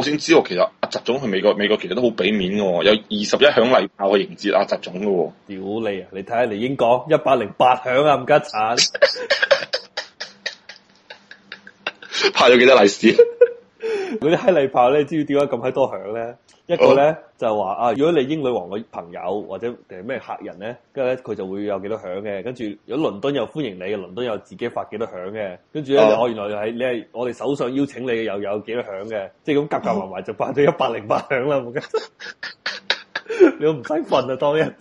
我先知道，其實阿習總去美國，美國其實都好俾面嘅喎，有二十一響禮炮嘅迎接阿習總嘅喎。屌 你啊！你睇下你英國，一百零八響啊，冚家鏟。派咗幾多利是？嗰啲嗨禮炮咧，知唔知點解咁閪多響咧？一個咧就係話啊，如果你英女王嘅朋友或者誒咩客人咧，跟住咧佢就會有幾多響嘅。跟住如果倫敦又歡迎你，倫敦又自己發幾多響嘅。跟住咧我原來係你係我哋首相邀請你嘅又有幾多響嘅，即係咁夾夾埋埋就發咗一百零八響啦。冇計，啊、 你都唔使瞓啊，當日、 哎、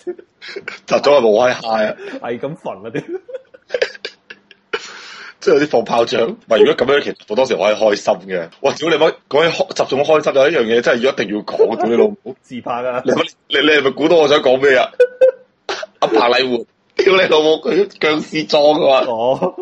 就早係無威蟹啊，係咁瞓嗰啲。即係有啲放炮仗，唔如果咁樣，其實好多時我係開心嘅。哇！屌你咪講起開習總開心有一樣嘢真係要一定要講，屌你老母自拍啊！你你你係咪估到我想講咩啊？ 阿彭禮活。屌你老母佢僵屍裝㗎話！哦，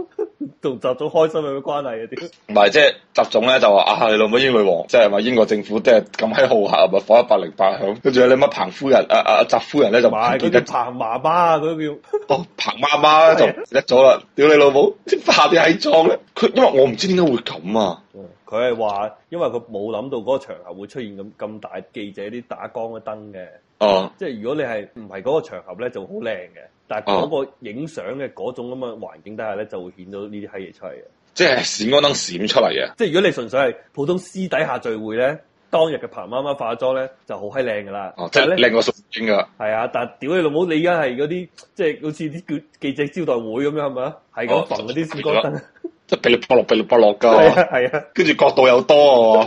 同習總開心有咩關係啊？唔係， 即係習總咧就話啊，你老母英女王，即係話英國政府即係咁喺號下，咪火一百零八響，跟住你乜彭夫人啊啊，習、啊、夫人咧就佢、啊那個、叫、哦、彭媽媽嗰叫哦彭媽媽就叻咗啦！屌你老母，即係化啲喺裝咧，佢因為我唔知點解會咁啊！佢係話因為佢冇諗到嗰個場合會出現咁咁大記者啲打光嘅燈嘅。哦，即係如果你係唔係嗰個場合咧，就好靚嘅。但係嗰個影相嘅嗰種咁嘅環境底下咧，就會顯到呢啲閪嘢出嚟嘅。即係閃光燈閃出嚟嘅。即係如果你純粹係普通私底下聚會咧，當日嘅彭媽媽化妝咧就好閪靚噶啦。哦，即係靚過水晶㗎。係啊，但係屌你老母，你而家係嗰啲即係好似啲叫記者招待會咁樣係咪啊？係咁揼嗰啲閃光燈，即係噼里啪啦、噼里啪啦㗎。係啊，係啊。跟住角度又多。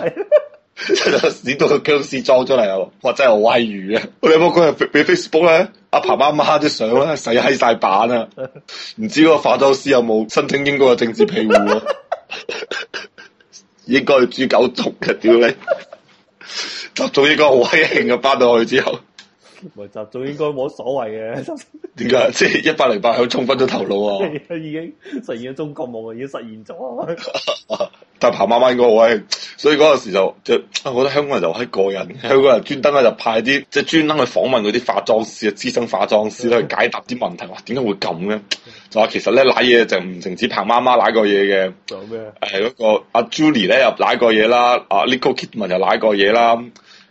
就整到個僵屍裝出嚟啊！我真係好威魚啊！你有冇嗰日俾 Facebook 咧？阿爸阿媽啲相咧洗黑晒版啊！唔知嗰個化妝師有冇申請英國嘅政治庇護啊？ 應該係豬狗族嘅屌你！習 總應該好高興嘅。翻到去之後，習總應該冇所謂嘅。點解？ 即係一百零八響沖昏咗頭腦啊 已經實現咗中國夢啊，已經實現咗。但係彭媽媽嗰位，所以嗰陣時就，就我覺得香港人就係個人。香港人專登咧就派啲即係專登去訪問嗰啲化妝師啊、資深化妝師咧 去解答啲問題。哇！點解會咁咧？就話其實咧瀨嘢就唔淨止彭媽媽瀨過嘢嘅，誒、啊、係嗰個阿 Julie 咧又瀨過嘢啦，阿 Nicole Kidman 又瀨過嘢啦。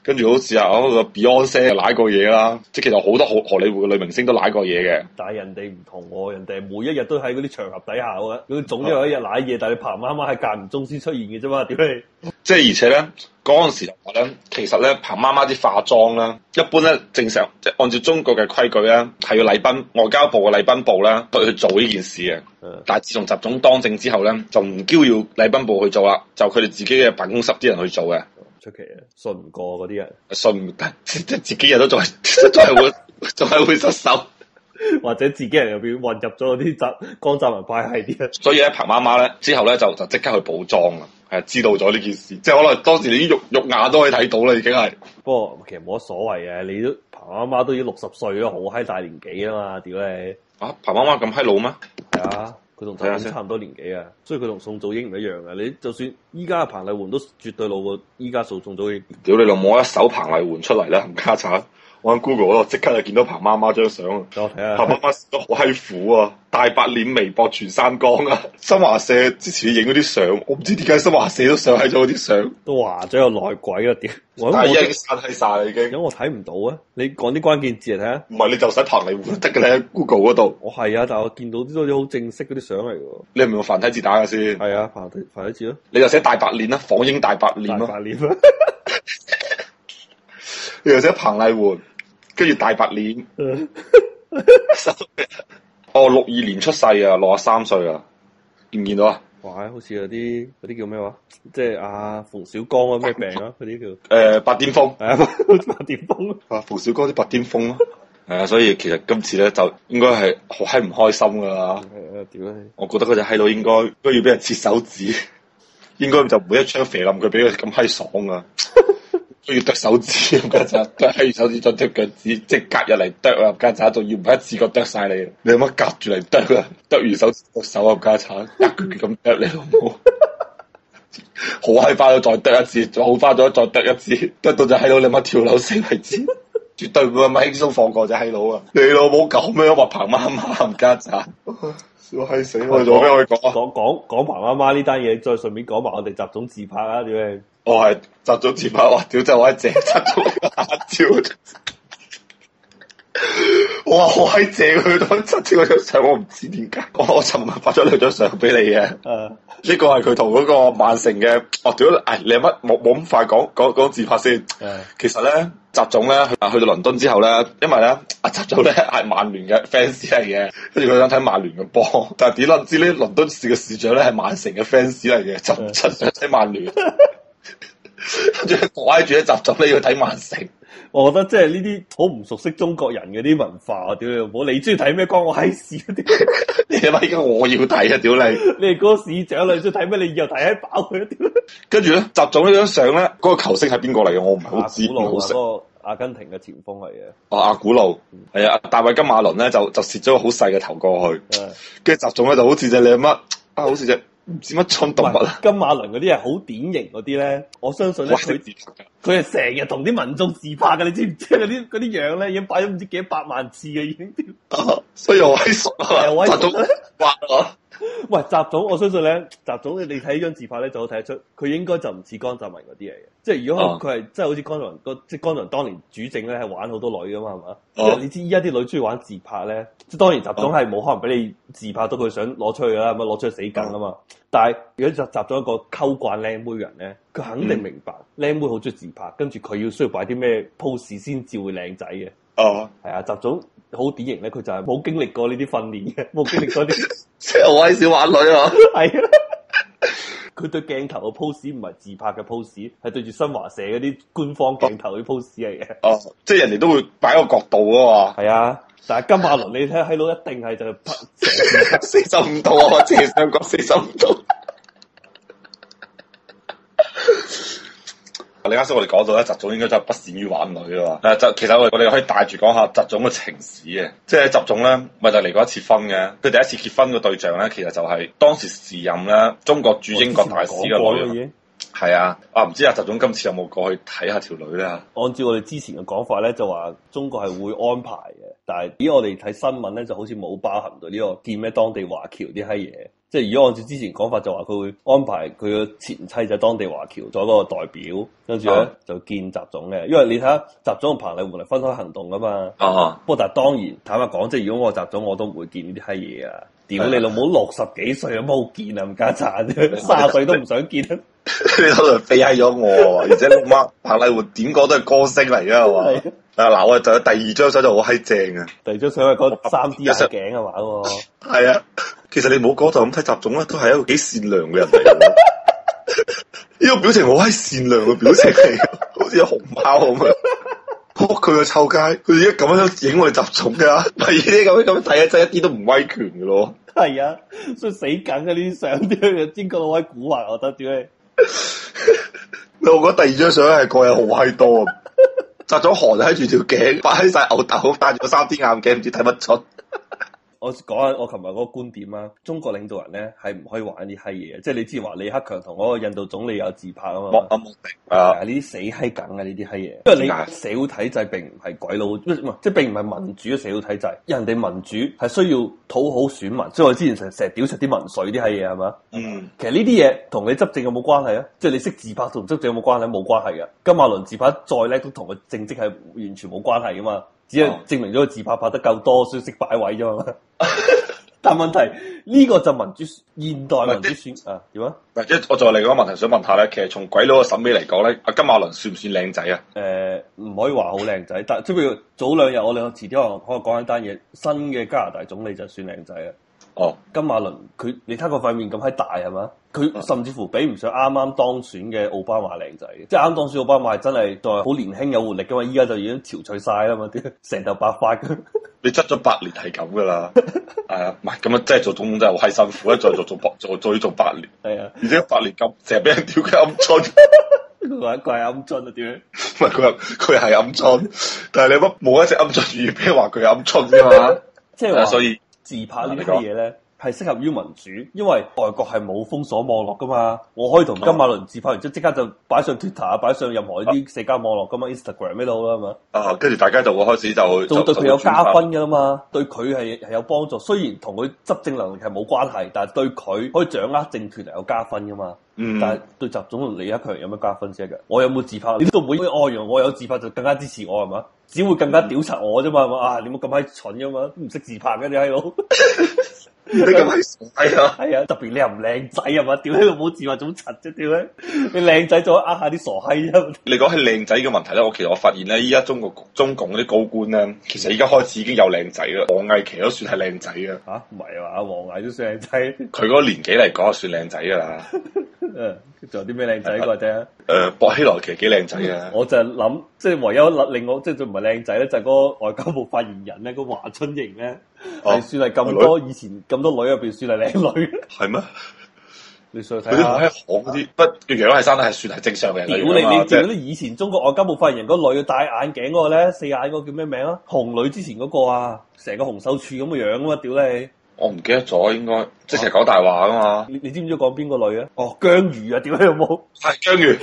跟住好似啊，嗰 Beyonce 又攋過嘢啦，即、那、係、個、其實好多荷里活嘅女明星都攋過嘢嘅。但係人哋唔同喎、哦，人哋每一日都喺嗰啲場合底下嘅。佢總有一日攋嘢，嗯、但係彭媽媽係間唔中先出現嘅啫嘛。點解？即係而且咧，嗰陣時咧，其實咧，彭媽媽啲化妝啦，一般咧正常，即係按照中國嘅規矩咧，係要禮賓外交部嘅禮賓部咧去去做呢件事嘅。嗯、但係自從習總當政之後咧，就唔叫要禮賓部去做啦，就佢哋自己嘅辦公室啲人去做嘅。出奇啊！信唔過嗰啲人，信唔得，即係自己人都仲係仲係會仲係會， 會失手， 或者自己人入邊混入咗嗰啲澤江澤民派系啲啊！所以咧，彭媽媽咧之後咧就就即刻去補妝啦，係啊，知道咗呢件事，即係可能當時你啲肉肉眼都可以睇到啦，已經係。不過其實冇乜所謂嘅，你都彭媽媽都已經六十歲啦，好嗨大年紀啊嘛，屌你！啊，彭媽媽咁嗨老咩？係啊。佢同習近平差唔多年紀啊，看看所以佢同宋祖英唔一樣嘅，啊。你就算依家彭麗媛都絕對老過依家宋祖英。屌你老母，一首彭麗媛出嚟啦，冚家鏟！玩 Google 嗰度即刻就見到彭媽媽張相，睇下，彭媽媽都好閪苦啊！ 大白臉微博全刪光啊！新華社之前影嗰啲相，我唔知點解新華社都上喺咗嗰啲相，都話咗有內鬼啊！點？大英晒晒啦已經，咁我睇唔我到啊！你講啲關鍵字嚟睇下，唔係你就使彭麗媛得嘅咧，Google 嗰度。 我係啊，但係我見到啲都好正式嗰啲相嚟嘅。你係咪用繁體字打嘅先？係啊，繁繁體字咯。你就寫大白臉啊，「仿影大白臉啦，啊。 你又寫彭麗媛。跟住大白臉， 哦六二年出世啊，六十三歲啊，見唔見到啊？哇，好似有啲嗰啲叫咩話？即係阿馮小剛啊，咩病啊？嗰啲、啊、叫誒白癜風，白癜風 峰 啊！馮小剛啲白癜風咯，係 啊！所以其實今次咧就應該係好閪唔開心噶啦。係啊，我覺得佢就喺度應該都要俾人切手指， 應該就每一槍射冧佢，俾佢咁閪爽啊。 要剁手指用家產，剁完手指再剁腳趾，即係夾入嚟剁啊！家產仲要唔係一次過剁晒你，你乜夾住嚟剁啊？剁完手指個手入家產，一腳咁剁你，好，好閪花咗再剁一次，好花咗再剁一次，剁到就喺到你媽跳樓死為止。絕對唔會輕鬆放過隻閪佬啊！你老母咁樣，話彭媽媽冚家產？小閪死我！我講咩？我講講講講彭媽媽呢單嘢，再順便講埋我哋集中自拍啊！屌你！我係集中自拍啊！屌真係我喺正集中拍照， 我係好喺借佢當七天嘅相，我唔知點解。 我我尋日發咗兩張相俾你嘅，呢個係佢同嗰個曼城嘅哦，屌！你！你有乜冇冇咁快講講自拍先？ 其實咧。習總咧，去去到倫敦之後咧，因為咧，阿習總咧係曼聯嘅 fans 嚟嘅，跟住佢想睇曼聯嘅波，但係點諗知咧，倫敦市嘅市長咧係曼城嘅 fans 嚟嘅，就唔想睇曼聯，仲 要拐住啲習總咧要睇曼城。我覺得即係呢啲好唔熟悉中國人嗰啲文化，我屌 你,、啊、你！我 你中意睇咩關我閪事嗰啲，而家我要睇啊！屌你！你嗰個市長你中意睇咩？你以後睇飽佢一啊！跟住咧，習總張呢張相咧，嗰、那個球星係邊個嚟嘅？我唔係好知。阿古路嗰、啊啊那個阿根廷嘅前鋒嚟嘅。哦、啊，阿、啊、古路，係、嗯、啊，大衛金馬倫咧就就蝕咗個好細嘅頭過去，跟住習總咧就好似隻靚乜，啊，好似隻。唔知乜蠢動物啊！金馬倫嗰啲係好典型嗰啲咧，我相信咧佢自拍，佢係成日同啲民眾自拍㗎，你知唔知？嗰啲啲樣咧已經擺咗唔知幾百萬次嘅已經。 啊，雖然威熟啊嘛，我。.喂，習總，我相信咧，習總你睇呢張自拍咧，就好睇得出，佢應該就唔似江澤民嗰啲嚟嘅。即係如果佢係、uh, 真係好似江澤民，即係江澤民當年主政咧，係玩好多女噶嘛，係嘛？哦，uh, 你知依家啲女中意玩自拍咧，即係當然習總係冇可能俾你自拍到佢想攞出去啦，咁啊攞出去死梗啊嘛。Uh, 但係如果習習總一個溝慣靚妹人咧，佢肯定明白靚妹好中意自拍，跟住佢要需要擺啲咩 pose 先至會靚仔嘅。哦、uh, uh.，係啊，習總好典型咧，佢就係冇經歷過呢啲訓練嘅，冇經歷過啲。 即係威小玩女啊，係啊！佢對鏡頭個 pose 唔係自拍嘅 pose，係對住新華社嗰啲官方鏡頭嘅 pose 嚟嘅。 哦，即係人哋都會擺個角度啊嘛。係啊，但係金馬倫，你睇喺度一定係就係拍四十五度啊，我即係斜上角四十五度。 你啱先，我哋講到咧，習總應該就係不善於玩女嘅嘛。誒，就其實我我哋可以帶住講下習總嘅情史嘅，即係習總咧，咪就嚟過一次婚嘅。佢第一次結婚嘅對象咧，其實就係當時時任咧中國駐英國大使嘅係啊，啊唔知阿、啊、習總今次有冇過去睇下條女咧？按照我哋之前嘅講法咧，就話中國係會安排嘅，但係以我哋睇新聞咧，就好似冇包含到呢個見咩當地華僑啲閪嘢。即、就、係、是、如果按照之前講法，就話佢會安排佢嘅前妻就當地華僑做一個代表，跟住咧就見習總嘅。因為你睇下習總同彭麗媛係分開行動噶嘛。啊、不過但係當然坦白講，即、就、係、是、如果我習總，我都唔會見呢啲閪嘢啊！屌你老母，六十幾歲都冇見啊，唔加殘，卅歲都唔想見 你嗰度，啊、飛閪咗我，而且你媽彭麗媛點講都係歌星嚟噶，係嘛？啊嗱，我啊仲有第二張相就好閪正啊。第二張相係講三 D 眼鏡嘅玩喎。係啊，其實你唔好講就咁睇習總啦，都係一個幾善良嘅人嚟，呢個表情好閪善良嘅表情嚟，好似有熊貓咁啊！扑佢個臭街，佢而家咁樣影我哋習總噶，係啲咁樣咁睇啊，真一啲都唔威權嘅咯。係啊、 嗯，所以死緊嘅呢啲相，真覺得威古怪，我覺得點解？ 我覺得第二張相係個係好閪多，紮咗就喺住條頸，擺晒牛頭，戴住個三 D 眼鏡，唔知睇乜出。我講下我琴日嗰個觀點啊，中國領導人咧係唔可以玩啲閪嘢，即係你之前話李克強同嗰個印度總理有自拍啊嘛，我，我，我，我啊，呢啲死閪梗啊呢啲閪嘢，因為你社會體制並唔係鬼佬，嗯、即係並唔係民主嘅社會體制，人哋民主係需要討好選民，所以我之前成成日屌柒啲民粹啲閪嘢係嘛，嗯，其實呢啲嘢同你執政有冇關係啊？即係你識自拍同執政，政有冇關係？冇關係嘅，金馬倫自拍再叻都同個政績係完全冇關係噶嘛。只係證明咗佢自拍拍得夠多，所以識擺位啫嘛。 但問題呢、這個就民主現代民主選是啊？點啊？或者我再另個問題想問下咧，其實從鬼佬嘅審美嚟講咧，阿金馬倫算唔算靚仔啊？誒、呃，唔可以話好靚仔， 但即譬如早兩日我哋遲啲可能講一單嘢，新嘅加拿大總理就算靚仔啦。哦，金馬倫佢你睇佢塊面咁閪大係嘛？佢甚至乎比唔上啱啱當選嘅奧巴馬靚仔，即係啱當選奧巴馬真係仲好年輕有活力噶嘛？依家就已經憔悴晒啦嘛，成頭白髮嘅。你執咗八年係咁噶啦，係 啊，唔係咁啊，即係做總統真係好閪辛苦啊，再做做八再做八年，係啊，而且八年金成日俾人屌佢暗瘡，佢係咪暗瘡啊？點樣？唔係佢佢係暗瘡，但係你乜冇一隻暗瘡魚如話佢暗瘡啫嘛？即係話所以。自拍呢啲嘢咧。 係適合於民主，因為外國係冇封鎖網絡噶嘛，我可以同金馬倫自拍完之後即刻就擺上 Twitter 啊，擺上任何一啲社交網絡噶嘛，Instagram 喺度啦，係嘛？啊，跟住大家就會開始就做對佢有加分噶啦嘛，對佢係係有幫助。雖然同佢執政能力係冇關係，但對佢可以掌握政權係有加分噶嘛。嗯，但對習總理李克強有咩加分先得㗎？我有冇自拍？你都唔會哦，我有自拍就更加支持我係嘛？只會更加屌柒我啫嘛，啊！你冇咁閪蠢噶嘛，唔識自拍嘅你喺度。 啊哎、你咁係傻仔啊！係啊，特別你又唔靚仔啊嘛？屌你老母字幕總柒啫，屌你！你靚仔仲呃下啲傻閪啊！你講起靚仔嘅問題咧，我其實我發現咧，依家中國中共嗰啲高官咧，其實依家開始已經有靚仔啦。王毅其實都算係靚仔嘅吓，唔係啊嘛？王毅都算靚仔，佢嗰個年紀嚟講算靚 仔噶啦。嗯、啊，仲有啲咩靚仔過我聽？誒、呃，薄熙來其實幾靚仔啊！我就係諗，即、就、係、是、唯一令我即係仲唔係靚仔咧，就係、是、嗰、就是、個外交部發言人咧，那個華春瑩咧。哦、算係咁多兒以前咁多女入邊、啊、算係靚女、啊，係咩嗎？ 你上去睇下，佢啲眼係紅啲，不個樣係生得係算係正常嘅、啊。屌理吧你，如果你照嗰啲以前中國外交部發言人個女戴眼鏡嗰個咧，四眼嗰個叫咩名啊？紅女之前嗰個啊，成個洪秀柱咁嘅樣啊嘛！屌、啊、你，我唔記得咗，應該即係講大話噶嘛。你你知唔知講邊個女啊？哦，姜瑜啊，點樣又冇？係姜瑜。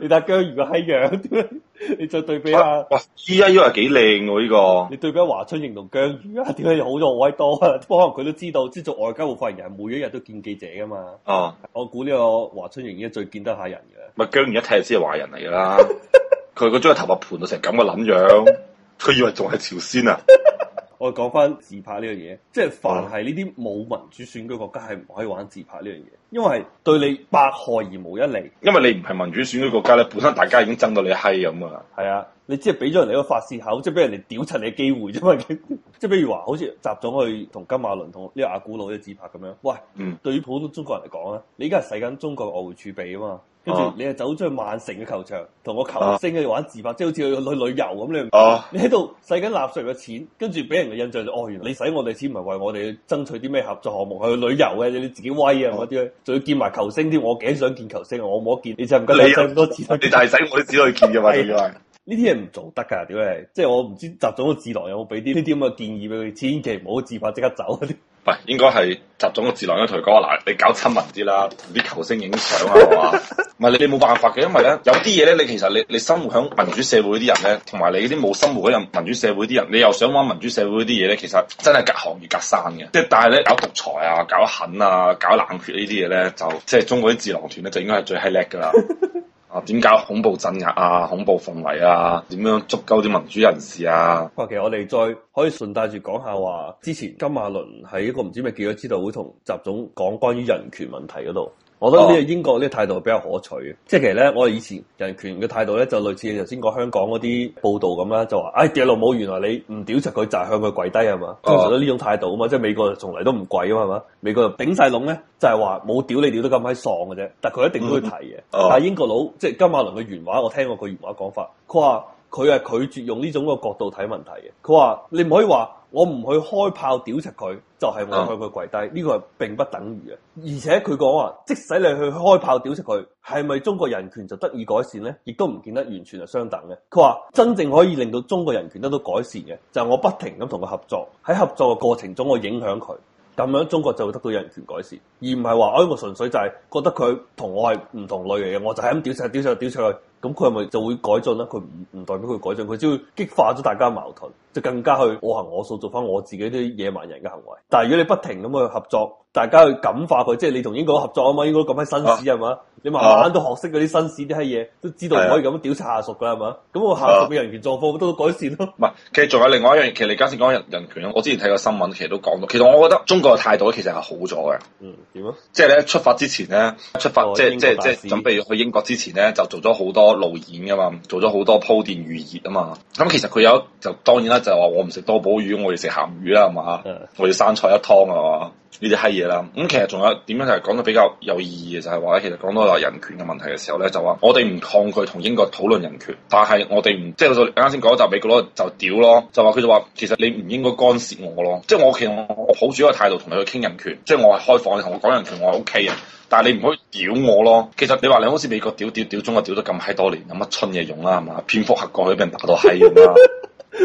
你睇姜瑜個閪樣， 你再對比下，依家呢個幾靚喎？呢個你對比華春瑩同姜瑜啊，點解又好咗好多啊？不 可能佢都知道，知做外交部發言人，人，每一日都見記者噶嘛。哦、啊，我估呢個華春瑩而家最見得下人嘅，咪、嗯、姜瑜一睇就知係華人嚟噶啦。佢 個將個頭髮盤到成咁嘅撚樣，佢 以為仲係朝鮮啊？ 我講翻自拍呢個嘢，即係凡係呢啲冇民主選舉國家係唔可以玩自拍呢樣嘢，因為對你百害而無一利。因為你唔係民主選舉國家咧，本身大家已經憎到你閪咁啊。係啊，你只係俾咗人哋一個發洩口，即係俾人哋屌柒你嘅機會啫嘛。 即係譬如話，好似習總去同金馬倫同呢個阿古魯嘅自拍咁樣，喂，嗯、對於普通中國人嚟講咧，你而家係使緊中國嘅外匯儲備啊嘛。跟住你係走咗去曼城嘅球場，同個球星去玩自拍， 即係好似去去旅遊咁你。你喺度使緊納稅嘅錢，跟住俾人嘅印象就，哦，原來你使我哋錢唔係為我哋爭取啲咩合作項目，去旅遊嘅，你你自己威啊！嗰啲仲要見埋球星添，我幾想見球星，我冇得見，你就唔夠咁多咯你。 你就係使我啲錢去見咋嘛？呢啲嘢唔做得㗎，屌你，即係我唔知集團個智囊有冇俾啲呢啲咁嘅建議俾佢，千祈唔好自拍即刻走啊！ 唔係，應該係集中個智囊一隊講嗱，你搞親民啲啦，同啲球星影相啊，好嘛？唔係 你你冇辦法嘅，因為咧有啲嘢咧，你其實你你生活喺民主社會啲人咧，同埋你啲冇生活喺民主社會啲人，你又想玩民主社會啲嘢咧，其實真係隔行而隔山嘅。即係但係咧，搞獨裁啊，搞狠啊，搞冷血呢啲嘢咧，就即係中國啲智囊團咧，就應該係最閪叻㗎啦。 啊！點解恐怖鎮壓啊？恐怖氛圍啊？點樣捉鳩啲民主人士啊？話、啊、其實我哋再可以順帶住講下話，之前金馬倫喺一個唔知咩記者招待會同習總講關於人權問題嗰度。我覺得呢個英國呢態度比較可取嘅，即係其實咧，我以前人權嘅態度咧，就類似你頭先講香港嗰啲報道咁啦，就話，唉、哎，屌老母，原來你唔屌柒佢就係、向佢跪低係嘛，通常都呢種態度啊嘛，即係美國從嚟都唔跪啊嘛，美國頂晒籠咧就係話冇屌你屌得咁閪喪嘅啫，但係佢一定都會提嘅。嗯、但係英國佬即係金馬倫嘅原話，我聽過佢原話講法，佢話佢係拒絕用呢種個角度睇問題嘅，佢話你唔可以話。我唔去開炮屌柒佢，就係、是、我向佢跪低，呢、這個並不等於嘅。而且佢講話，即使你去開炮屌柒佢，係咪中國人權就得以改善呢？亦都唔見得完全係相等嘅。佢話真正可以令到中國人權得到改善嘅，就係、是、我不停咁同佢合作，喺合作嘅過程中我影響佢，咁樣中國就會得到人權改善，而唔係話，哎，我純粹就係覺得佢同我係唔同類型嘅，我就係咁屌柒、屌柒、屌柒佢。咁佢係咪就會改進咧？佢唔唔代表佢改進，佢只會激化咗大家矛盾，就更加去我行我素，做翻我自己啲野蠻人嘅行為。但係如果你不停咁去合作，大家去感化佢，即係你同英國合作啊嘛，英國咁閪紳士係嘛、啊，你慢慢都學識嗰啲紳士啲閪嘢，都知道唔可以咁樣調查下屬㗎係嘛，咁我下屬嘅人權狀況、啊、都改善咯。唔係，其實仲有另外一樣，其實你啱先講人人權，我之前睇過新聞，其實都講到，其實我覺得中國嘅態度其實係好咗嘅。嗯，點啊？即係咧，出發之前咧，出發即係即係即係準備去英國之前咧，就做咗好多。路演噶嘛，做咗好多鋪墊預熱啊嘛，咁其實佢有就當然啦，就話我唔食多寶魚，我要食鹹魚啦，係嘛， 我要生菜一湯係嘛，呢啲閪嘢啦。咁其實仲有點樣就係講得比較有意義嘅就係話咧，其實講到話人權嘅問題嘅時候咧，就話我哋唔抗拒同英國討論人權，但係我哋唔即係我啱先講咗集美國咯就屌咯，就話佢就話其實你唔應該干涉我咯，即係我其實我抱住一個態度同你去傾人權，即係我係開放，你同我講人權我係 O K 嘅。但係你唔可以屌我咯。其實你話你好似美國屌屌屌中國屌到咁閪多年，有乜春嘢用啦？係嘛？蝙蝠俠過去俾人打到閪啦。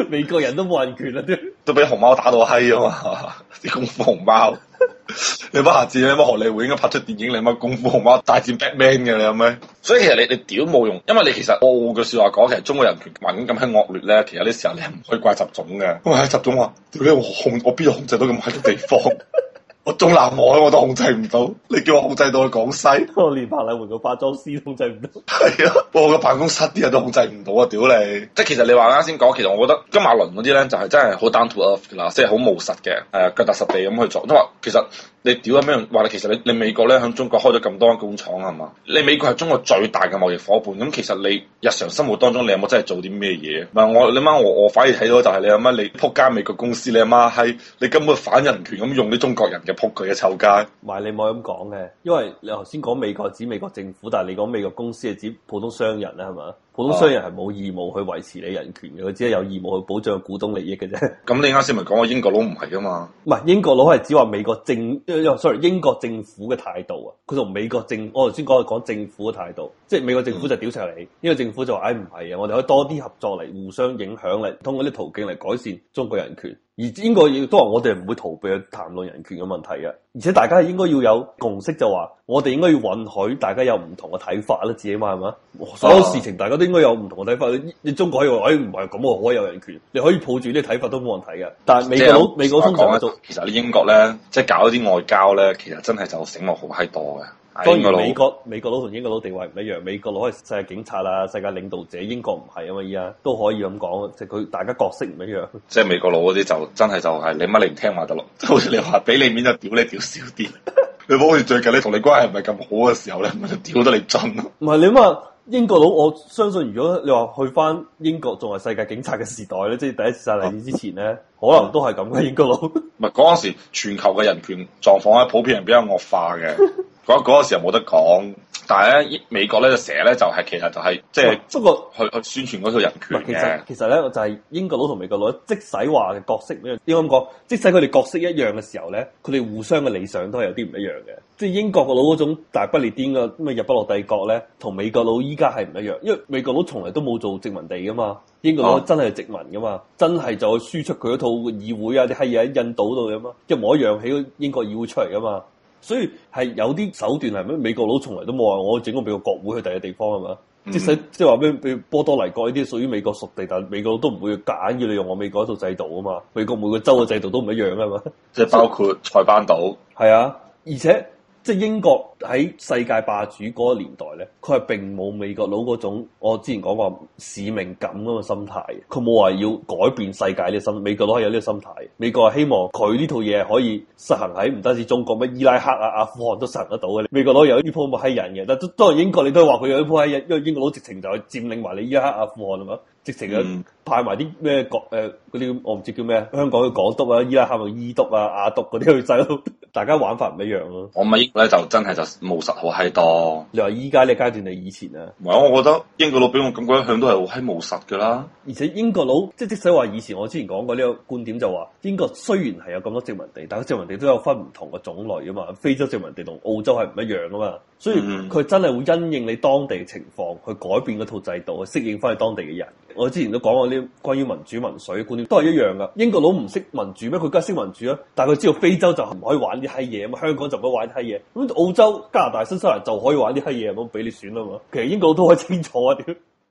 美國人都冇人權啦，都都俾熊貓打到閪啊嘛！啲功夫熊貓， 你乜下次？你乜荷里活應該拍出電影？你乜功夫熊貓大戰 Batman 嘅？你有咩？所以其實你你屌冇用，因為你其實傲嘅説話講，其實中國人權環境咁閪惡劣咧。其實呢時候你係唔可以怪習總嘅。喂、嗯，習總話，屌你我控我邊度控制到咁閪多地方？ 我中南海我都控制唔到，你叫我控制到去廣西， 我連彭麗媛個化妝師都控制唔到。係 啊，我個辦公室啲人都控制唔到啊！屌你，即係其實你話啱先講，其實我覺得金馬倫嗰啲咧就係真係好 down to earth 啦，即係好務實嘅，係、呃、腳踏實地咁去做。因為其實。你屌咗咩？話你，其實你你美國咧喺中國開咗咁多間工廠係嘛？你美國係中國最大嘅貿易伙伴，咁其實你日常生活當中你有冇真係做啲咩嘢？唔係我你媽我我反而睇到就係你阿媽你撲街美國公司你阿媽閪，你根本反人權咁用啲中國人嘅撲佢一臭街。唔係你唔好咁講嘅，因為你頭先講美國指美國政府，但係你講美國公司係指普通商人啦係咪？普通商人係冇義務去維持你人權嘅，佢只係有義務去保障股東利益嘅啫。咁你啱先咪講過英國佬唔係啊嘛？唔係英國佬係只話美國政、oh, sorry 英國政府嘅態度啊。佢同美國政，我頭先講係講政府嘅態度，即係美國政府就屌晒你，嗯、英國政府就話唉唔係啊，我哋可以多啲合作嚟互相影響嚟，通過啲途徑嚟改善中國人權。而英國亦都話，我哋唔會逃避去談論人權嘅問題嘅。而且大家應該要有共識，就話我哋應該要允許大家有唔同嘅睇法咧。自己嘛係嘛，哦、所有事情大家都應該有唔同嘅睇法。你中國可以話，哎，唔係咁喎，我有人權，你可以抱住呢啲睇法都冇人睇嘅。但係美國是美國通常咧，其實咧英國咧，即係搞啲外交咧，其實真係就醒目好閪多嘅。當然美國，國美國佬同英國佬地位唔一樣，美國佬係世界警察啦、啊，世界領導者，英國唔係啊嘛，依家都可以咁講，即係佢大家角色唔一樣。即係美國佬嗰啲就真係就係、係、你乜你唔聽話得咯，好似你話俾你面就屌你屌少啲， 你好似最近你同你關係唔係咁好嘅時候咧，屌得你憎。唔係你諗下英國佬，我相信如果你話去翻英國仲係世界警察嘅時代咧， 即係第一次世界大戰之前咧， 可能都係咁嘅英國佬。唔係嗰陣時全球嘅人權狀況咧，普遍係比較惡化嘅。 嗰嗰時候冇得講，但係咧，美國咧成日咧就係、是、其實就係即係，不過去佢宣傳嗰套人權嘅。其實咧就係英國佬同美國佬，即使話角色，應該咁講？即使佢哋角色一樣嘅時候咧，佢哋互相嘅理想都係有啲唔一樣嘅。即係英國佬嗰種大不列顛嘅咁啊日不落帝國咧，同美國佬依家係唔一樣，因為美國佬從來都冇做殖民地噶嘛，英國佬真係殖民噶嘛，啊、真係就輸出佢嗰套議會啊啲閪嘢喺印度度咁，嘛，一模一樣喺英國議會出嚟噶嘛。所以係有啲手段係咩？美國佬從嚟都冇話我整個美國國會去第二地方係嘛、嗯？即使即係話咩，比如波多黎各呢啲屬於美國屬地，但美國佬都唔會揀要你用我美國一套制度啊嘛。美國每個州嘅制度都唔一樣係嘛，即係包括塞班島係啊，而且。即係英國喺世界霸主嗰個年代咧，佢係並冇美國佬嗰種我之前講過使命感咁嘅心態。佢冇話要改變世界呢個心，美國佬係有呢個心態。美國，美國希望佢呢套嘢可以實行喺唔單止中國咩，伊拉克啊、阿富汗都實行得到嘅。美國佬有呢一鋪咁閪人嘅，但都，當然英國你都話佢有一鋪閪人，因為英國佬直情就係佔領埋你伊拉克阿富汗啊嘛，直情派埋啲咩國誒嗰啲我唔知叫咩香港嘅港督啊伊拉克咪伊督啊亞督嗰啲去走。 大家玩法唔一樣咯，我咪咧就真係就務實好閪多。你話依家呢階段你以前啊？唔係，我覺得英國佬俾我感覺一向都係好閪務實噶啦、嗯。而且英國佬即係即使話以前我之前講過呢個觀點就，就話英國雖然係有咁多殖民地，但係殖民地都有分唔同嘅種類噶嘛。非洲殖民地同澳洲係唔一樣噶嘛，所以佢、嗯、真係會因應你當地嘅情況去改變嗰套制度，去適應翻佢當地嘅人。我之前都講過啲關於民主民粹嘅觀念都係一樣噶。英國佬唔識民主咩？佢梗係識民主啊！但係佢知道非洲就唔可以玩啲閪嘢嘛，香港就唔可以玩啲閪嘢。咁澳洲、加拿大、新西蘭就可以玩啲閪嘢，咁俾你選啦嘛。其實英國佬都係清楚啊，屌！